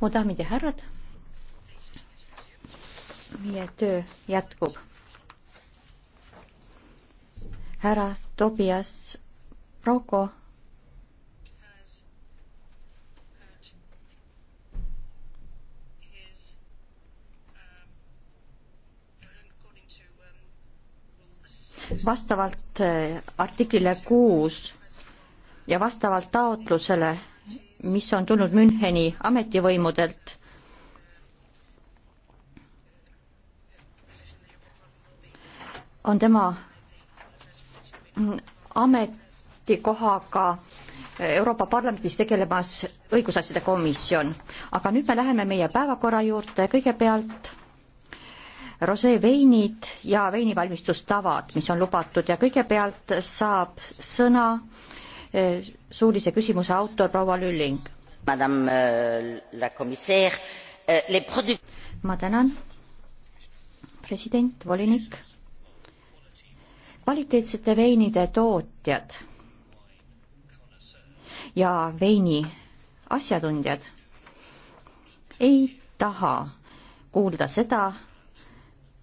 mu daamid ja härrad, meie töö jätkub. härra Tobias Proko vastavalt eh, artiklile kuus ja vastavalt taotlusele, mis on tulnud Müncheni ametivõimudelt, on tema ametikohaga Euroopa Parlamendis tegelemas õigusasjade komisjon. aga nüüd me läheme meie päevakorra juurde, kõigepealt rosee veinid ja veinivalmistustavad, mis on lubatud ja kõigepealt saab sõna eh, suulise küsimuse autor proua Lülling. Eh, eh, ma tänan, president, volinik. kvaliteetsete veinide tootjad ja veini asjatundjad ei taha kuulda seda,